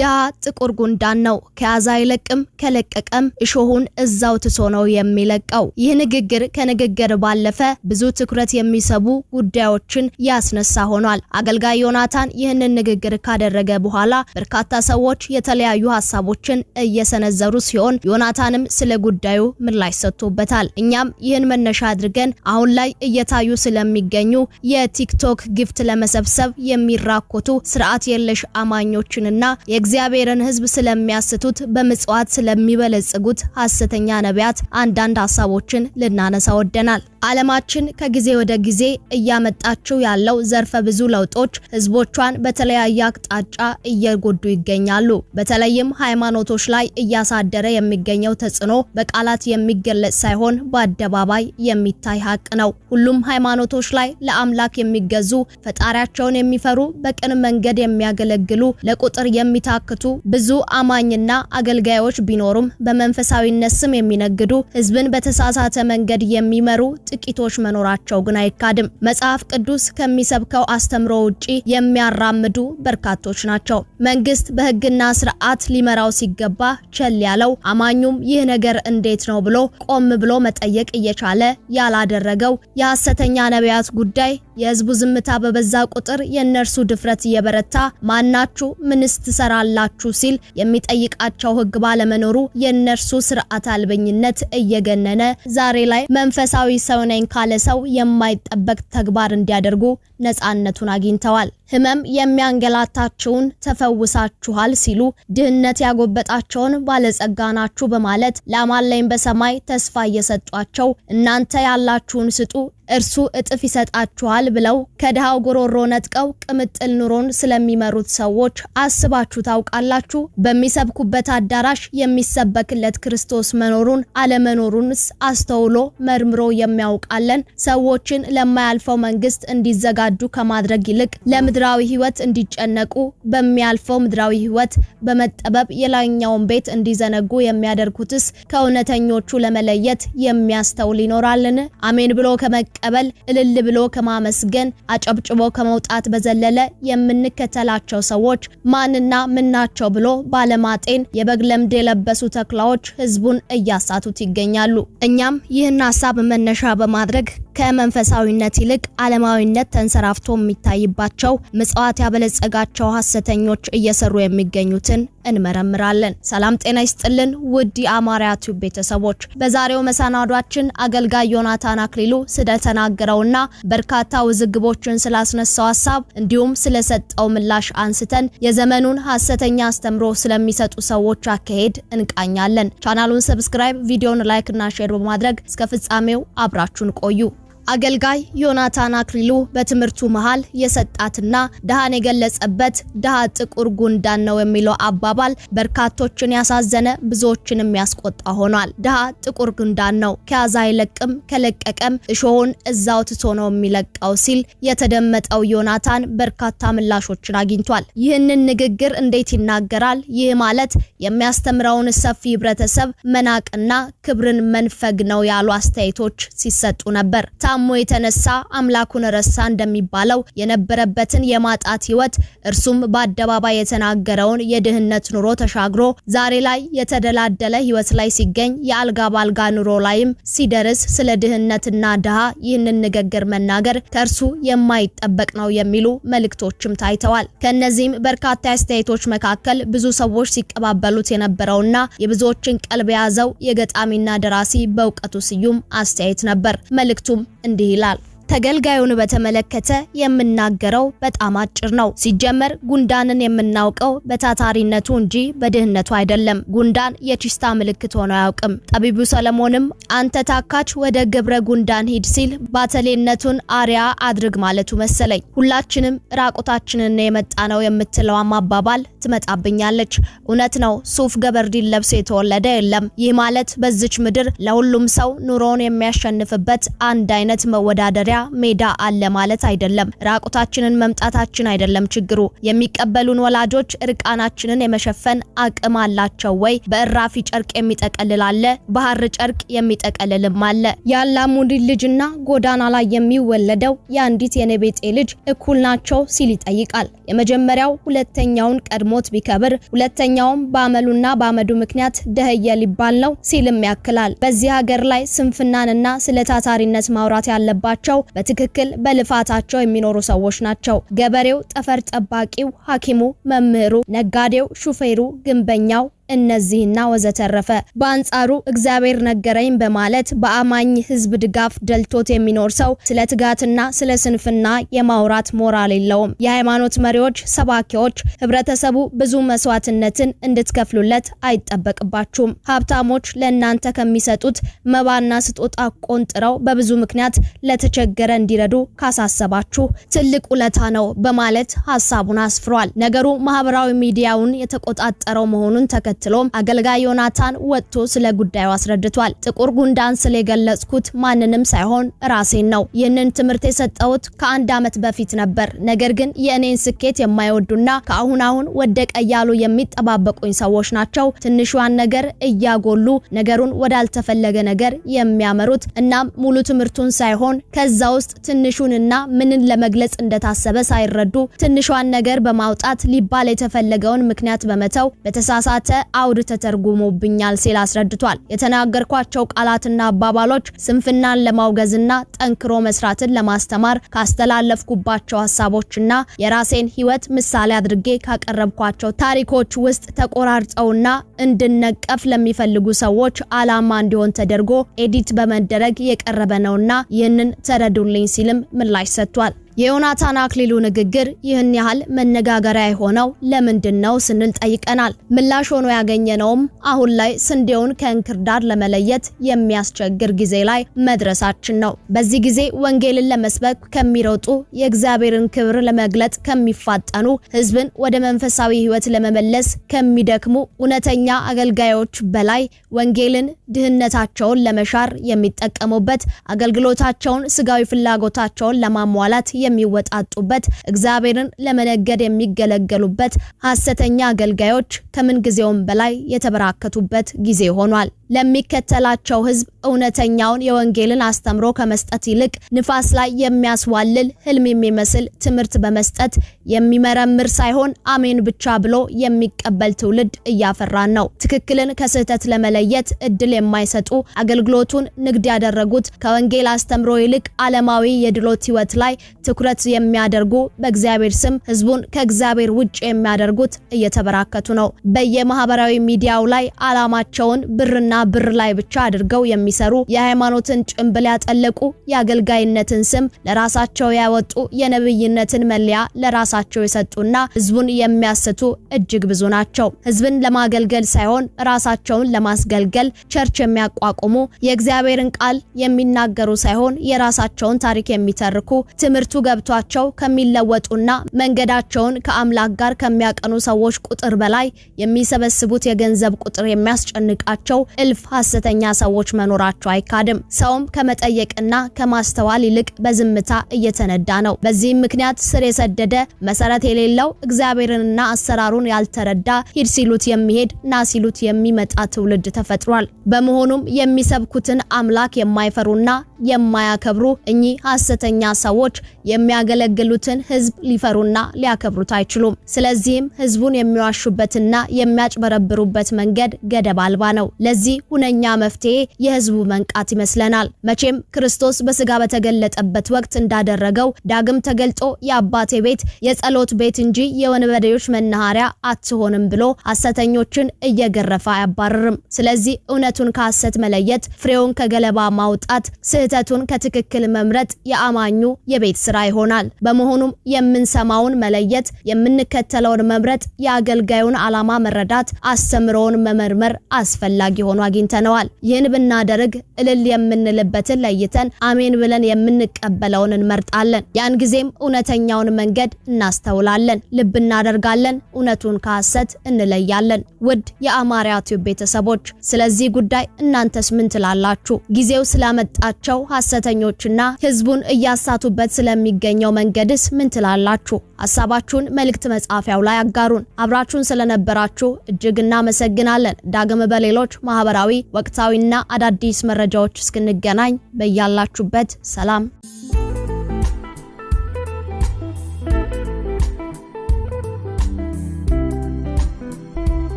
ዳ ጥቁር ጉንዳን ነው፣ ከያዛ አይለቅም፣ ከለቀቀም እሾሁን እዛው ትቶ ነው የሚለቀው። ይህ ንግግር ከንግግር ባለፈ ብዙ ትኩረት የሚሰቡ ጉዳዮችን ያስነሳ ሆኗል። አገልጋይ ዮናታን ይህንን ንግግር ካደረገ በኋላ በርካታ ሰዎች የተለያዩ ሀሳቦችን እየሰነዘሩ ሲሆን ዮናታንም ስለ ጉዳዩ ምላሽ ሰጥቶበታል። እኛም ይህን መነሻ አድርገን አሁን ላይ እየታዩ ስለሚገኙ የቲክቶክ ግፍት ለመሰብሰብ የሚራኮቱ ስርዓት የለሽ አማኞችንና የእግዚአብሔርን ሕዝብ ስለሚያስቱት በምጽዋት ስለሚበለጽጉት ሐሰተኛ ነቢያት አንዳንድ ሀሳቦችን ልናነሳ ወደናል። ዓለማችን ከጊዜ ወደ ጊዜ እያመጣችው ያለው ዘርፈ ብዙ ለውጦች ሕዝቦቿን በተለያየ አቅጣጫ እየጎዱ ይገኛሉ። በተለይም ሃይማኖቶች ላይ እያሳደረ የሚገኘው ተጽዕኖ በቃላት የሚገለጽ ሳይሆን በአደባባይ የሚታይ ሀቅ ነው። ሁሉም ሃይማኖቶች ላይ ለአምላክ የሚገዙ ፈጣሪያቸውን የሚፈሩ በቅን መንገድ የሚያገለግሉ ለቁጥር የሚ የሚታክቱ ብዙ አማኝና አገልጋዮች ቢኖሩም በመንፈሳዊነት ስም የሚነግዱ ህዝብን በተሳሳተ መንገድ የሚመሩ ጥቂቶች መኖራቸው ግን አይካድም። መጽሐፍ ቅዱስ ከሚሰብከው አስተምሮ ውጪ የሚያራምዱ በርካቶች ናቸው። መንግስት በህግና ስርዓት ሊመራው ሲገባ ቸል ያለው፣ አማኙም ይህ ነገር እንዴት ነው ብሎ ቆም ብሎ መጠየቅ እየቻለ ያላደረገው የሐሰተኛ ነቢያት ጉዳይ የህዝቡ ዝምታ በበዛ ቁጥር የእነርሱ ድፍረት እየበረታ ማናችሁ ምንስ ትሰራ ትሰራላችሁ ሲል የሚጠይቃቸው ሕግ ባለመኖሩ የእነርሱ ስርዓት አልበኝነት እየገነነ ዛሬ ላይ መንፈሳዊ ሰው ነኝ ካለ ሰው የማይጠበቅ ተግባር እንዲያደርጉ ነጻነቱን አግኝተዋል። ህመም የሚያንገላታችሁን ተፈውሳችኋል ሲሉ፣ ድህነት ያጎበጣቸውን ባለጸጋ ናችሁ በማለት ላማለኝ በሰማይ ተስፋ እየሰጧቸው እናንተ ያላችሁን ስጡ እርሱ እጥፍ ይሰጣችኋል ብለው ከድሃው ጎሮሮ ነጥቀው ቅምጥል ኑሮን ስለሚመሩት ሰዎች አስባችሁ ታውቃላችሁ? በሚሰብኩበት አዳራሽ የሚሰበክለት ክርስቶስ መኖሩን አለመኖሩንስ አስተውሎ መርምሮ የሚያውቃለን? ሰዎችን ለማያልፈው መንግስት እንዲዘጋጁ ከማድረግ ይልቅ ለምድራዊ ህይወት እንዲጨነቁ በሚያልፈው ምድራዊ ህይወት በመጠበብ የላይኛውን ቤት እንዲዘነጉ የሚያደርጉትስ ከእውነተኞቹ ለመለየት የሚያስተውል ይኖራልን? አሜን ብሎ ከመቀ ከመቀበል እልል ብሎ ከማመስገን አጨብጭቦ ከመውጣት በዘለለ የምንከተላቸው ሰዎች ማንና ምናቸው ብሎ ባለማጤን የበግ ለምድ የለበሱ ተኩላዎች ህዝቡን እያሳቱት ይገኛሉ። እኛም ይህን ሀሳብ መነሻ በማድረግ ከመንፈሳዊነት ይልቅ ዓለማዊነት ተንሰራፍቶ የሚታይባቸው ምጽዋት ያበለጸጋቸው ሐሰተኞች እየሰሩ የሚገኙትን እንመረምራለን። ሰላም ጤና ይስጥልን ውድ የአማርያ ቲዩብ ቤተሰቦች፣ በዛሬው መሰናዷችን አገልጋይ ዮናታን አክሊሉ ስለተናገረውና በርካታ ውዝግቦችን ስላስነሳው ሀሳብ እንዲሁም ስለሰጠው ምላሽ አንስተን የዘመኑን ሐሰተኛ አስተምሮ ስለሚሰጡ ሰዎች አካሄድ እንቃኛለን። ቻናሉን ሰብስክራይብ፣ ቪዲዮን ላይክ እና ሼር በማድረግ እስከ ፍጻሜው አብራችሁን ቆዩ። አገልጋይ ዮናታን አክሊሉ በትምህርቱ መሃል የሰጣትና ድሃን የገለጸበት ድሃ ጥቁር ጉንዳን ነው የሚለው አባባል በርካቶችን ያሳዘነ ብዙዎችንም ያስቆጣ ሆኗል። ድሃ ጥቁር ጉንዳን ነው፣ ከያዘ አይለቅም፣ ከለቀቀም እሾሆን እዛው ትቶ ነው የሚለቀው ሲል የተደመጠው ዮናታን በርካታ ምላሾችን አግኝቷል። ይህንን ንግግር እንዴት ይናገራል? ይህ ማለት የሚያስተምረውን ሰፊ ህብረተሰብ መናቅና ክብርን መንፈግ ነው ያሉ አስተያየቶች ሲሰጡ ነበር። ታሞ የተነሳ አምላኩን ረሳ እንደሚባለው የነበረበትን የማጣት ህይወት እርሱም በአደባባይ የተናገረውን የድህነት ኑሮ ተሻግሮ ዛሬ ላይ የተደላደለ ህይወት ላይ ሲገኝ የአልጋ ባልጋ ኑሮ ላይም ሲደርስ ስለ ድህነትና ድሃ ይህንን ንግግር መናገር ከእርሱ የማይጠበቅ ነው የሚሉ መልእክቶችም ታይተዋል። ከእነዚህም በርካታ አስተያየቶች መካከል ብዙ ሰዎች ሲቀባበሉት የነበረውና የብዙዎችን ቀልብ የያዘው የገጣሚና ደራሲ በእውቀቱ ስዩም አስተያየት ነበር። መልእክቱም እንዲህ ይላል። ተገልጋዩን በተመለከተ የምናገረው በጣም አጭር ነው። ሲጀመር ጉንዳንን የምናውቀው በታታሪነቱ እንጂ በድህነቱ አይደለም። ጉንዳን የቺስታ ምልክት ሆኖ አያውቅም። ጠቢቡ ሰለሞንም አንተ ታካች ወደ ግብረ ጉንዳን ሂድ ሲል ባተሌነቱን አሪያ አድርግ ማለቱ መሰለኝ። ሁላችንም ራቁታችንን የመጣ ነው የምትለዋም አባባል ትመጣብኛለች። እውነት ነው፣ ሱፍ ገበርዲን ለብሶ የተወለደ የለም። ይህ ማለት በዚች ምድር ለሁሉም ሰው ኑሮውን የሚያሸንፍበት አንድ አይነት መወዳደሪያ ሜዳ አለ ማለት አይደለም። ራቁታችንን መምጣታችን አይደለም ችግሩ። የሚቀበሉን ወላጆች እርቃናችንን የመሸፈን አቅም አላቸው ወይ? በእራፊ ጨርቅ የሚጠቀልል አለ፣ በሐር ጨርቅ የሚጠቀልልም አለ። የአላሙዲ ልጅና ጎዳና ላይ የሚወለደው የአንዲት የነቤጤ ልጅ እኩል ናቸው ሲል ይጠይቃል። የመጀመሪያው ሁለተኛውን ቀድሞት ቢከብር ሁለተኛውም በአመሉና በአመዱ ምክንያት ደህየ ሊባል ነው ሲልም ያክላል። በዚህ ሀገር ላይ ስንፍናንና ስለ ታታሪነት ማውራት ያለባቸው በትክክል በልፋታቸው የሚኖሩ ሰዎች ናቸው። ገበሬው፣ ጠፈር ጠባቂው፣ ሐኪሙ፣ መምህሩ፣ ነጋዴው፣ ሹፌሩ፣ ግንበኛው እነዚህና ወዘተረፈ። በአንጻሩ እግዚአብሔር ነገረኝ በማለት በአማኝ ህዝብ ድጋፍ ደልቶት የሚኖር ሰው ስለ ትጋትና ስለ ስንፍና የማውራት ሞራል የለውም። የሃይማኖት መሪዎች፣ ሰባኪዎች፣ ህብረተሰቡ ብዙ መስዋዕትነትን እንድትከፍሉለት አይጠበቅባችሁም። ሀብታሞች ለእናንተ ከሚሰጡት መባና ስጦታ ቆንጥረው በብዙ ምክንያት ለተቸገረ እንዲረዱ ካሳሰባችሁ ትልቅ ውለታ ነው በማለት ሀሳቡን አስፍሯል። ነገሩ ማህበራዊ ሚዲያውን የተቆጣጠረው መሆኑን ተከትሎ ተከትሎም አገልጋይ ዮናታን ወጥቶ ስለ ጉዳዩ አስረድቷል። ጥቁር ጉንዳን ስለ የገለጽኩት ማንንም ሳይሆን ራሴን ነው። ይህንን ትምህርት የሰጠሁት ከአንድ ዓመት በፊት ነበር። ነገር ግን የእኔን ስኬት የማይወዱና ከአሁን አሁን ወደቀ እያሉ የሚጠባበቁኝ ሰዎች ናቸው ትንሿን ነገር እያጎሉ ነገሩን ወዳልተፈለገ ነገር የሚያመሩት። እናም ሙሉ ትምህርቱን ሳይሆን ከዛ ውስጥ ትንሹንና ምንን ለመግለጽ እንደታሰበ ሳይረዱ ትንሿን ነገር በማውጣት ሊባል የተፈለገውን ምክንያት በመተው በተሳሳተ በአውድ ተተርጉሞብኛል ሲል አስረድቷል። የተናገርኳቸው ቃላትና አባባሎች ስንፍናን ለማውገዝና ጠንክሮ መስራትን ለማስተማር ካስተላለፍኩባቸው ሀሳቦችና የራሴን ሕይወት ምሳሌ አድርጌ ካቀረብኳቸው ታሪኮች ውስጥ ተቆራርጠውና እንድነቀፍ ለሚፈልጉ ሰዎች አላማ እንዲሆን ተደርጎ ኤዲት በመደረግ የቀረበ ነውና ይህንን ተረዱልኝ ሲልም ምላሽ ሰጥቷል። የዮናታን አክሊሉ ንግግር ይህን ያህል መነጋገሪያ የሆነው ለምንድን ነው ስንል ጠይቀናል። ምላሽ ሆኖ ያገኘነውም አሁን ላይ ስንዴውን ከእንክርዳድ ለመለየት የሚያስቸግር ጊዜ ላይ መድረሳችን ነው። በዚህ ጊዜ ወንጌልን ለመስበክ ከሚሮጡ፣ የእግዚአብሔርን ክብር ለመግለጥ ከሚፋጠኑ፣ ሕዝብን ወደ መንፈሳዊ ሕይወት ለመመለስ ከሚደክሙ እውነተኛ አገልጋዮች በላይ ወንጌልን ድህነታቸውን ለመሻር የሚጠቀሙበት አገልግሎታቸውን ስጋዊ ፍላጎታቸውን ለማሟላት የሚወጣጡበት፣ እግዚአብሔርን ለመነገድ የሚገለገሉበት፣ ሐሰተኛ አገልጋዮች ከምን ጊዜውም በላይ የተበራከቱበት ጊዜ ሆኗል። ለሚከተላቸው ህዝብ እውነተኛውን የወንጌልን አስተምሮ ከመስጠት ይልቅ ንፋስ ላይ የሚያስዋልል ህልም የሚመስል ትምህርት በመስጠት የሚመረምር ሳይሆን አሜን ብቻ ብሎ የሚቀበል ትውልድ እያፈራን ነው። ትክክልን ከስህተት ለመለየት እድል የማይሰጡ አገልግሎቱን ንግድ ያደረጉት ከወንጌል አስተምሮ ይልቅ ዓለማዊ የድሎት ህይወት ላይ ትኩረት የሚያደርጉ በእግዚአብሔር ስም ህዝቡን ከእግዚአብሔር ውጭ የሚያደርጉት እየተበራከቱ ነው። በየማህበራዊ ሚዲያው ላይ ዓላማቸውን ብርና ብር ላይ ብቻ አድርገው የሚሰሩ የሃይማኖትን ጭንብል ያጠለቁ የአገልጋይነትን ስም ለራሳቸው ያወጡ የነብይነትን መለያ ለራሳቸው የሰጡና ህዝቡን የሚያስቱ እጅግ ብዙ ናቸው። ህዝብን ለማገልገል ሳይሆን ራሳቸውን ለማስገልገል ቸርች የሚያቋቁሙ የእግዚአብሔርን ቃል የሚናገሩ ሳይሆን የራሳቸውን ታሪክ የሚተርኩ ትምህርቱ ገብቷቸው ከሚለወጡና መንገዳቸውን ከአምላክ ጋር ከሚያቀኑ ሰዎች ቁጥር በላይ የሚሰበስቡት የገንዘብ ቁጥር የሚያስጨንቃቸው እልፍ ሐሰተኛ ሰዎች መኖራቸው አይካድም። ሰውም ከመጠየቅና ከማስተዋል ይልቅ በዝምታ እየተነዳ ነው። በዚህም ምክንያት ስር የሰደደ መሰረት የሌለው እግዚአብሔርንና አሰራሩን ያልተረዳ ሂድ ሲሉት የሚሄድ ና ሲሉት የሚመጣ ትውልድ ተፈጥሯል። በመሆኑም የሚሰብኩትን አምላክ የማይፈሩና የማያከብሩ እኚህ ሐሰተኛ ሰዎች የሚያገለግሉትን ህዝብ ሊፈሩና ሊያከብሩት አይችሉም። ስለዚህም ሕዝቡን የሚዋሹበትና የሚያጭበረብሩበት መንገድ ገደብ አልባ ነው። ለዚህ ሁነኛ መፍትሄ የህዝቡ መንቃት ይመስለናል። መቼም ክርስቶስ በስጋ በተገለጠበት ወቅት እንዳደረገው ዳግም ተገልጦ የአባቴ ቤት የጸሎት ቤት እንጂ የወንበዴዎች መናኸሪያ አትሆንም ብሎ ሐሰተኞችን እየገረፈ አያባርርም። ስለዚህ እውነቱን ከሐሰት መለየት፣ ፍሬውን ከገለባ ማውጣት፣ ስህተቱን ከትክክል መምረጥ የአማኙ የቤት ስራ ይሆናል። በመሆኑም የምንሰማውን መለየት፣ የምንከተለውን መምረጥ፣ የአገልጋዩን ዓላማ መረዳት፣ አስተምሮውን መመርመር አስፈላጊ ሆኗል። አግኝተነዋል። ይህን ብናደርግ እልል የምንልበትን ለይተን አሜን ብለን የምንቀበለውን እንመርጣለን። ያን ጊዜም እውነተኛውን መንገድ እናስተውላለን፣ ልብ እናደርጋለን፣ እውነቱን ከሐሰት እንለያለን። ውድ የአማርያ ቲዩብ ቤተሰቦች ስለዚህ ጉዳይ እናንተስ ምን ትላላችሁ? ጊዜው ስላመጣቸው ሐሰተኞችና ህዝቡን እያሳቱበት ስለሚገኘው መንገድስ ምን ትላላችሁ? ሀሳባችሁን መልእክት መጻፊያው ላይ አጋሩን። አብራችሁን ስለነበራችሁ እጅግ እናመሰግናለን። ዳግም በሌሎች ማህበ ማህበራዊ፣ ወቅታዊና አዳዲስ መረጃዎች እስክንገናኝ በያላችሁበት ሰላም